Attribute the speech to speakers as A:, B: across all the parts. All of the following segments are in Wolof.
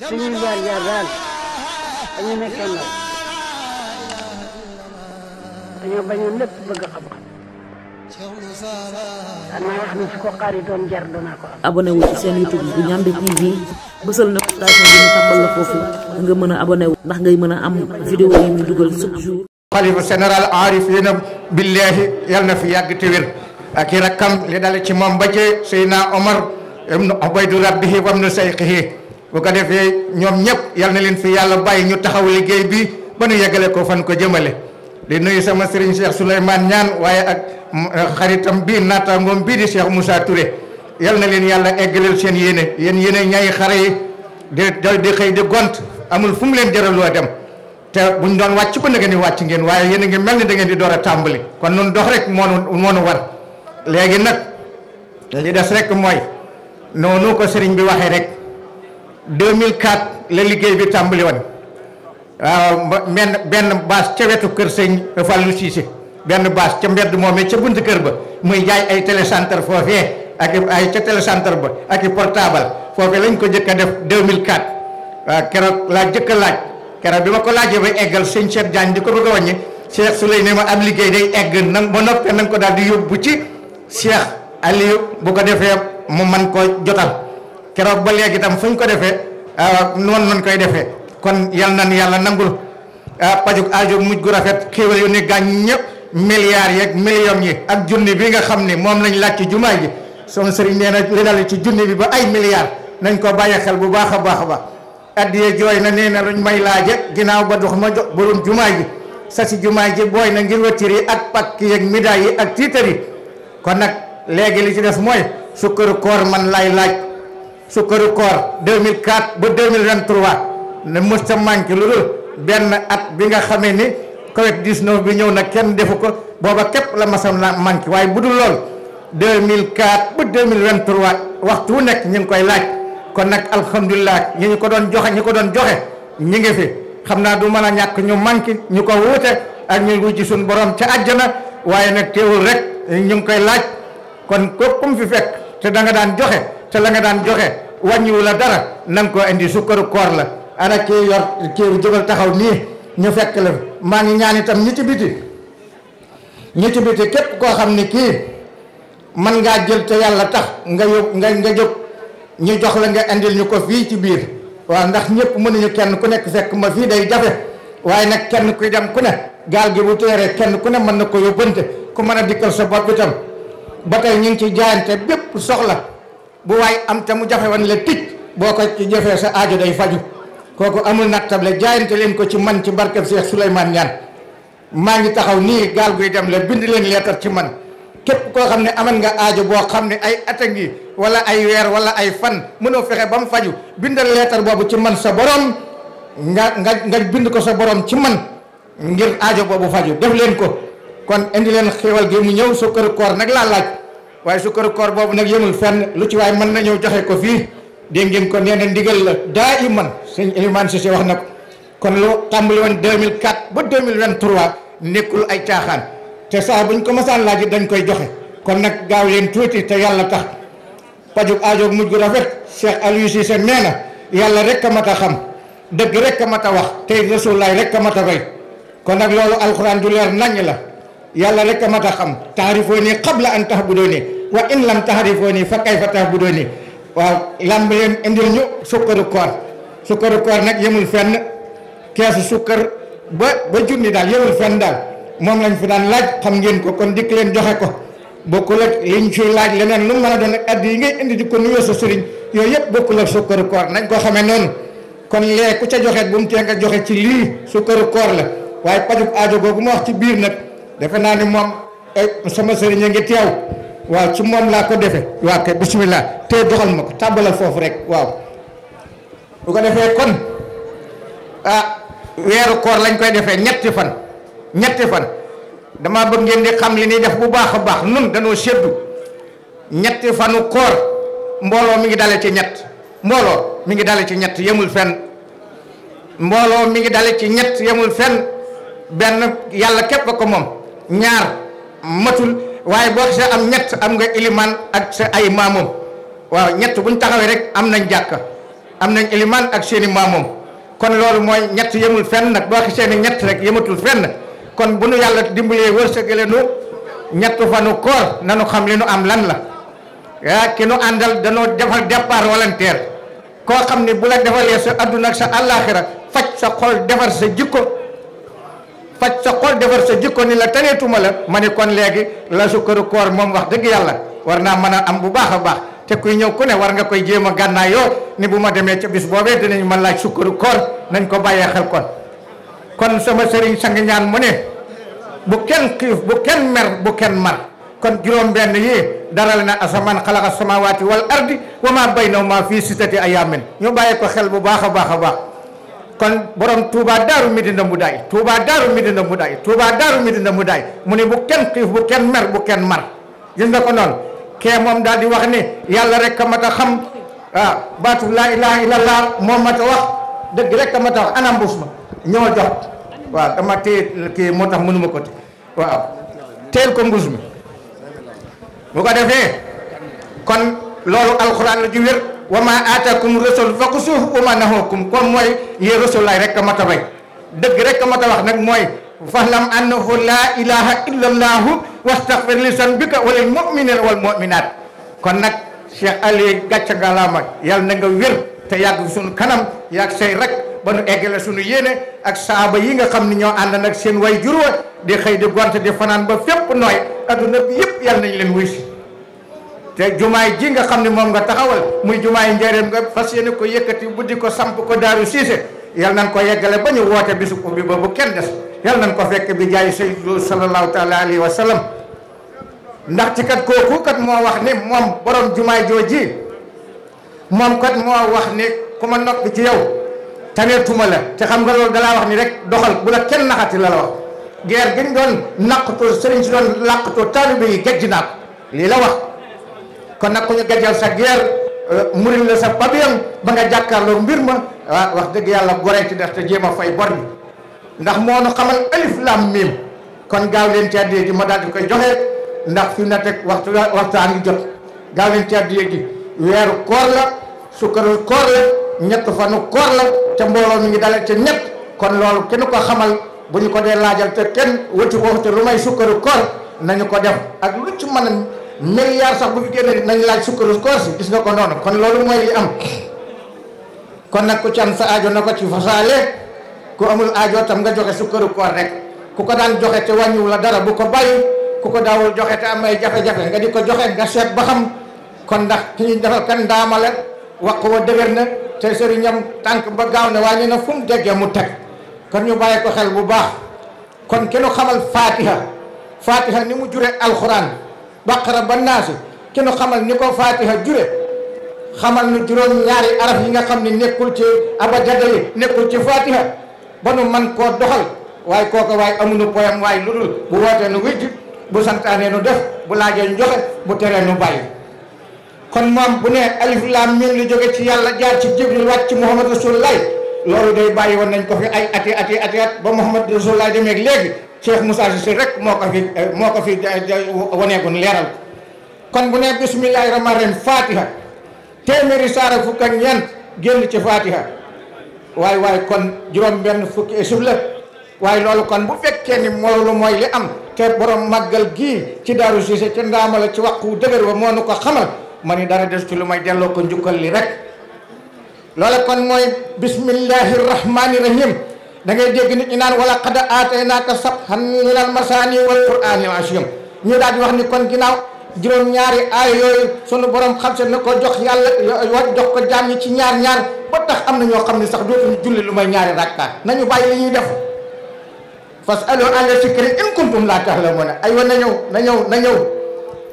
A: suñuy jaar-jaar daal dañu nekkee ndaw dañoo bañoon lépp bëgg xam-xam am. abonné wu mën a abonné wu ndax ngay mën a am vidéo yi ñu dugal chaque jour. xalifa général aarifina na fi yàgg te wér ak li dale ci moom ba ci Seydina Omar ibnu Ubaydu wa ibnu sayxihi bu ko defee ñoom ñëpp yal na leen fi yàlla bàyyi ñu taxaw liggéey bi ba nu yeggale ko fan ko jëmale di nuyu sama sëriñ Cheikh Souleymane Niane waaye ak eh, xaritam bii naataangoom bii di Cheikh Moussa Touré yal na leen yàlla eggaleel seen yéene yéen yéene ñaay xare di di xëy di gont amul fu mu leen jëraloo dem te buñ doon wàcc ko na ngeen di wàcc ngeen waaye yéen a ngi da ngeen di door a tàmbali kon nun dox rek moonu moonu war léegi nag li des rek mooy noonu ko sëriñ bi waxee rek 2004 la liggéey bi tàmbali woon ba benn benn baas ca wetu kër sëñ Fallou Cissé benn baas ca mbedd moomee ca bunt kër ba muy jaay ay télécentre foofee ak ay ca télécentre ba ak i portable foofee lañ ko jëkk a def 2004 waaw keroog laa jëkk a laaj keroog bi ma ko laajee ba eggal sëñ Cheikh Diagne di ko bëgg a wàññi Cheikh Souley ne ma am liggéey day egg nan ba noppee nan ko daal di yóbbu ci Cheikh Aliou bu ko defee mu man ko jotal keroog ba léegi itam fu ko defee Ah, noonu lañ koy defee kon yal nan yàlla nangul ah, pajuk ajo mujj gu rafet xéewal yu ne gaañ ñëpp milliards yeeg millions yi ak junni bi nga xam ne moom lañ laaj ci jumaa ji son sëriñ nee na li dal bi ba ay milliards nañ ko bàyyi bu baax a baax a baax addiye jooy na nee na luñ may laaje ginnaaw ba dox ma jox borom jumaa ji sa si jumaa ji booy na ngir wëttir yi ak pakk yeeg midaay yi ak tiitar yi kon nag léegi li ci def mooy sukkaru koor man lay laaj sukkaru koor 2004 ba 2023 ne mës ta manqué lu dul benn at bi nga xamee ni Covid 19 bi ñëw na kenn defu ko booba képp la masam na manqué waaye bu dul lool 2004 ba 2023 waxtu wu nekk ñu ngi koy laaj kon nag alhamdulilah ñi ñu ko doon joxe ñi ko doon joxe ñi ngi fi xam naa du mën a ñàkk ñu manqué ñu ko wuute ak ñu wujji suñu borom ca àjjana waaye nag teewul rek ñu ngi koy laaj kon ko kum fi fekk te da nga daan joxe ca la nga daan joxe wàññiwu la dara nan koo indi sukkaru koor la ana kii yor kii jógal taxaw nii ñu fekk la maa ngi ñaan itam ñi ci biti ñi ci képp koo xam ni kii man ngaa jël te yàlla tax nga yób nga nga jóg ñu jox la nga indil ñu ko fii ci biir waaw ndax ñëpp mënuñu kenn ku nekk fekk ma fii day jafe waaye nag kenn ku dem ku ne gaal gi bu teeree kenn ku ne mën na ko yóbbante ku mën a dikkal sa bopp itam ba tey ñu ngi ci jaayante bépp soxla bu waaye am te mu jafe woon la tij boo ko ci sa ajo day faju kooku amul nattable jaayante leen ko ci man ci barkeb Seex Souleymane Niane maa ngi taxaw nii gaal guy dem la bind leen leetar ci man képp koo xam ne aman nga aajo boo xam ne ay at a wala ay weer wala ay fan mënoo fexe ba mu faju bindal leetar boobu ci man sa borom nga nga nga bind ko sa borom ci man ngir aajo boobu faju def leen ko kon indi leen xéwal gi mu ñëw sa kër koor nag laa laaj waaye su këru koor boobu nag yëmul fenn lu ci waay mën na ñëw joxe ko fii dégg ngeen ko nee na ndigal la daa iman sëñ Ilimane Cissé wax na ko kon lu tàmbali woon 2004 ba 2023 nekkul ay buñ ko masaan laaj dañ koy kon nak gaaw leen tuuti te yàlla tax pajuk ajo mujj gu rafet Cheikh Aliou Cissé nee na yàlla rek a mat a xam dëgg rek a mat a wax tey rasulaay rek a mat a kon nag du leer la yalla rek a mat a xam taarifoo nii qabla an tahbudoo wa in lam taarifoo nii fa kayfa tahbudoo nii waaw lamb leen indil ñu sukkaru koor sukkaru koor nag yemul fenn keesu sukkar ba ba junni daal yemul fenn daal moom lañ fi daan laaj xam ngeen ko kon dikk leen joxe ko bokkul ak liñ fiy laaj leneen lu ak yi ngay indi di ko nuyoo sa sëriñ yooyu yëpp ak sukkaru koor nañ ko xamee noonu kon le ku ca joxe bu mu tee nga joxe ci lii sukkaru koor la aajo wax ci defe naa ni moom sama sëriñ a ngi teew waaw ci moom ko defe wa ke bismillah te doxal ma ko tàbbalal foofu rek waaw bu ko defee kon ah weeru koor lañ koy defee ñetti fan ñetti fan dama bëgg ngeen di xam li ni def bu baax a baax nun dañoo seddu ñetti fanu koor mbooloo mi ngi dale ci ñett mbooloo mi ngi dale ci ñett yemul fenn mbooloo mi ngi dale ci ñett yemul fenn benn yàlla képp ko ñaar matul waaye boo xasee am ñett am nga iliman ak sa ay maamum waaw ñett buñ taxawee rek am nañ jàkka am nañ iliman ak seeni maamum kon lo mooy ñett yemul fenn nak boo xasee ne ñett rek yematul fenn kon bu nu yàlla dimbalee wërsëgale nu ñett fanu koor nanu xam li am lan la yaa ki nu àndal danoo defal départ volontaire koo xam ne bu la defalee sa àdduna ak sa àllaaxira faj sa xol defar sa jikko faj sa xol defar sa jikko ni la taneetuma la ma kon léegi la sukkaru koor moom wax dëgg yàlla war naa am bu baax baax te kuy ñëw ku ne war nga koy jéem a gànnaayoo ni buma ma demee bis boobee dinañ man laaj sukkaru koor nañ ko xel kon kon sama sëriñ sang ñaan mu ne bu kenn bu kenn mer bu kenn mar kon juróom benn yi daral na asamaan xalaqa samawaati wal ardi wa ma baynahuma fii sittati ayaamin ñu bàyyi ko xel bu baax kon borom touba daru midina mu day touba daaru midina mu day touba daaru midina mu kif mu bu bu mer bu kenn mar gis nga ko noonu kee moom daal di wax ne yàlla rek a mat a xam waaw baatu laa ilaha illallah moom mat wax dëgg rek a mat wax anam ñoo jox dama ko ko bu ko kon loolu Al la ju wér wa ma aatakum rasul fa kusuuf wa ma nahakum kon mooy yee rasulaay rek ka mat a bay dëgg rek ka mat a wax nag mooy fahlam annahu laa ilaha illa allahu wastaghfir li zanbika wa lil mu'minina wal mu'minat kon nag Cheikh Ali gàcce ngalaama yàlla na nga wér te yàgg suñu kanam yàgg say rek ba nu eggale sunu yéene ak saaba yi nga xam ne ñoo ànd nag seen way jurwa di xëy di gonte di fanaan ba fépp nooy adduna bi yëpp yàlla nañu leen wuy te jumaay ji nga xam ne moom nga taxawal muy jumaay njëriñ nga fas yéene ko yëkkati buddi ko samp ko daaru siise yal nañ ko yeggale ba ñu woote bisu ubbi ba bu kenn des yal nañ ko fekk bi jaay sayyidu sallallahu taala alayhi wa sallam ndax ci kat kooku kat moo wax ni moom borom jumaay jooji moom kat moo wax ni ku ma noppi ci yow taneetuma la te xam nga loolu dalaa wax ni rek doxal bu la kenn naxati la la wax geer gi ñu doon naqatoo sëriñ si doon Karena nag gajal sa geer eh, muril la sa pabiyam ba nga jàkkaarloo mbir ma ah eh, wax dëgg yàlla goree ci def te kamal alif lam mim. kon gaaw leen di koy johet. ndax fi na waktu-waktu waxtaan ngi jot gaaw leen ci addiyee ji weeru koor la sukkaru koor la ñett fanu koor la ngi dale ca ñett kon loolu kenn ko xamal bu ko dee laajal te kenn wëccu ko te lu sukkaru koor nañu ko def ak lu ci milliard sax bu fi génne nañ laaj sukkaru koor gis nga ko noonu kon loolu mooy li am kon nag ku ci am sa ajo na ko ci fasaale ku amul aajo tam nga joxe sukkaru koor rek ku ko daan joxe te wàññiwu la dara bu ko bàyyi ku ko daawul joxe te am ay jafe-jafe nga di ko joxe nga seet ba xam kon ndax ki ñu defal kan ndaama la wax wa dëgër na te sëriñam tànk ba gaaw ne waaye ne fu mu déggee mu teg kon ñu bàyyi ko xel bu baax kon kenn xamal fatiha fatiha ni mu jure alxuraan baqara ba naasu ki nu xamal ni ko fatiha jure xamal nu juróom ñaari araf yi nga xam ne nekkul ci abajada yi nekkul ci fatiha ba nu man koo doxal waaye kooka waaye amu amuñu poyam waaye lu dul bu wootee nu wujj bu santaanee nu def bu laajee nu joxe bu teree nu bàyyi kon moom bu ne alif laam miim lu jóge ci yàlla jaar ci jibril wàcc ci muhammad rasulullah loolu day bàyyi woon nañ ko fi ay ati ati ati at ba muhammad rasulullah demeeg léegi cheikh Moussa Cissé rek moo ko fi eh, moo ko fi eh, eh, waneegun leeral kon bu ne bismillahi rahmaani rahiim fatiha téeméeri saar ak ak ci fatiha kon juróom benn fuk esuf la waaye loolu kon bu fekkee ni moolu li am te borom màggal gii ci daaru Cissé ci ndaama ci waxu dëgër ba moo ko xamal ma dara des ci lu may ko njukkal li rek loola kon mooy bismillahirrahmanirrahim. da ngay dégg nit ñi naan wala qad aataynaaka sabhan min al masaani wal qur'aani al asiim ñu daal di wax ni kon ginnaaw juróom ñaari aaya yooyu sunu borom xam se na ko jox yàlla jox ko jaam ci ñaar ñaar ba tax am na ñoo xam ne sax dootuñu julli lu may ñaari rakkaat nañu bàyyi li ñuy def fasalu ahla zikri in kuntum laa ta'lamuuna aywa na ñëw na ñëw na ñëw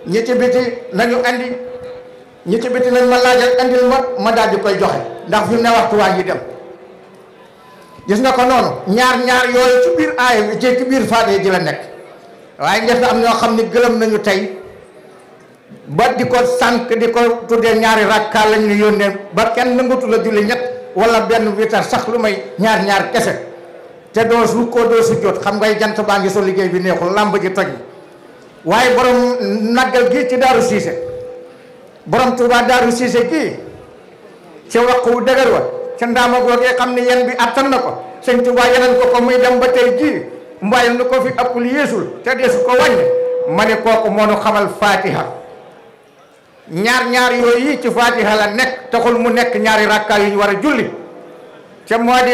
A: ñi ci biti nañu andi ñi ci biti nañ ma laajal andil ma ma daal di koy joxe ndax fi mu ne waxtu waa ngi dem gis nga ko noonu ñaar ñaar yooyu ci biir aaya ci biir faade ji la nekk waaye def na am ñoo xam ni gëlëm nañu tey ba di ko sànq di ko tuddee ñaari rakka lañ ñu yónnee ba kenn nangatu la julli ñett wala benn witar sax lu may ñaar ñaar kese te doo su ko doo su jot xam ngay jant baa ngi so liggéey bi neexul làmb ji toj waaye borom naggal gi ci daaru siise borom Touba daaru siise gi ci waqu dëgër wa ca ndaama googee xam ne yen bi attan na ko sëñ Tuubaa yeneen ko ko muy dem ba tey nu ko fi ëpp lu yeesul te deesu ko wàññi ma ne kooku moo nu xamal ñaar ñaar yooyu yi ci fatiha la nekk taxul mu nekk ñaari rakka yi ñu war a julli ca moo di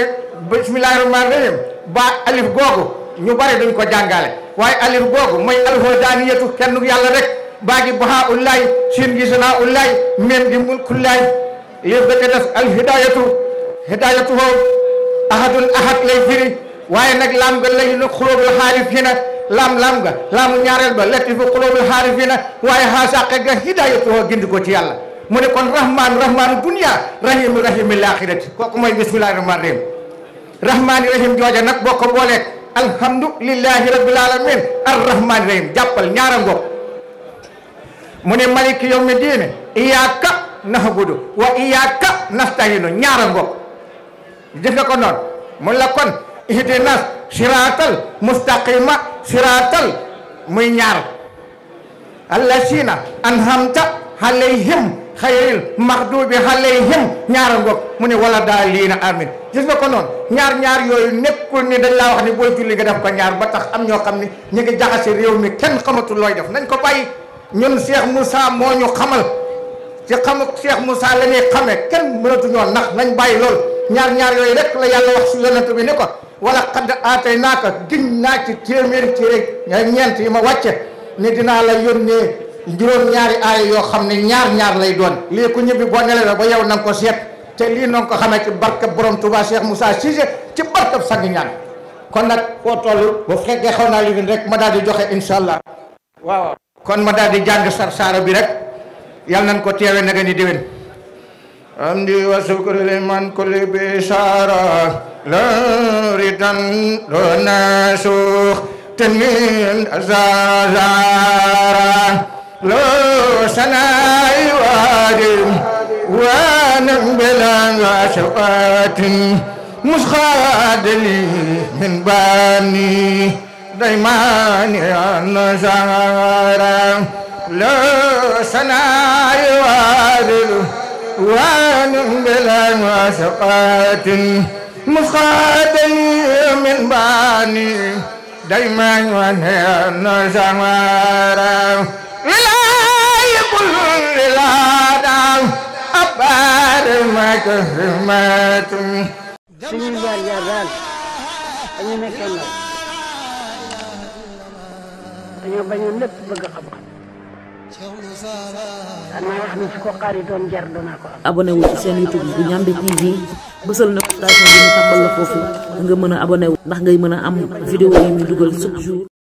A: bismillahi rahmaani rahim ba alif googu ñu bari duñ ko jàngale waaye alif googu mooy alhudaaniyatu kenn yàlla rek baa gi bahaa ullaay siin gi ullaay meen gi mulkullaay yëpp da ca def hidayatu ho ahadun ahad lay firi waaye nag laam nga lay nu xulóobul xaalif yi na laam laam nga laamu ñaareel ba letti fa xulóobul xaalif yi na waaye xaasaqe nga hidayatu ho gindi ko ci yàlla mu ne kon rahmaan rahmaanu dunya rahimu rahimi laaxirati kooku mooy bismillahi rahmaan rahim rahmaani rahim jooja nag boo ko booleeg alhamdulillahi rabbil alamin arrahmaani rahim jàppal ñaara ngoog mu ne maliki yawmi diine iyaaka nahabudu wa iyaaka nastahinu ñaara ngoog def na ko noonu mun la kon ihdinas siraatal mustaqima siraatal muy ñaar allazina anhamta alayhim xayril maxdubi alayhim ñaara ngoog mu ne wala daa liina amin gis nga ko noonu ñaar ñaar yooyu nekkul ni dañ laa wax ni booy julli nga def ko ñaar ba tax am ñoo xam ni ñu ngi jaxase réew mi kenn xamatul looy def nañ ko bàyyi ñun Cheikh Moussa moo ñu xamal ci xamu Cheikh Moussa la ñuy xamee kenn mënatuñoo nax nañ bàyyi loolu ñaar-ñaar yooyu ya rek la yàlla wax si yonent bi ni ko wala xadd aatay naa ko giñ naa ci téeméeri téere ñeent yi ma wàcce ni dinaa la yónnee juróom-ñaari aaya yoo xam ne ñaar-ñaar lay doon lii ku ñibbi boo nelawee ba yow na nga ko seet te lii noonu ko xamee ci barke borom Touba Cheikh Moussa Cissé ci barke sangi ñaan kon nag koo toll bu fekkee xaw li rek ma daal di joxe incha waaw kon ma daal di jàng sar saara bi rek yàlla nañ ko teewee na nga ni déwén امدي وشكر لمن كل بشارة لا ريتن دون سوخ تنين أزازارا لو سناي وادم وانم بلا شوقات مسخاد لي من باني دايما يا زارة لو سناي وادم وان بلا مسقات مسقات من باني دايما وانا نزمارا ولاي كل للادم أبار ما كرمات سنين جار جار دال أنا ما كان أنا بني لب بقى خبر dana wax ni su ko xari doon seen YouTube bu Ndiamé TV bësal na station bi ñu tàmbal la foofu nga mën a abonné ndax ngay mën a am vidéo yi ñu dugal chaque jour.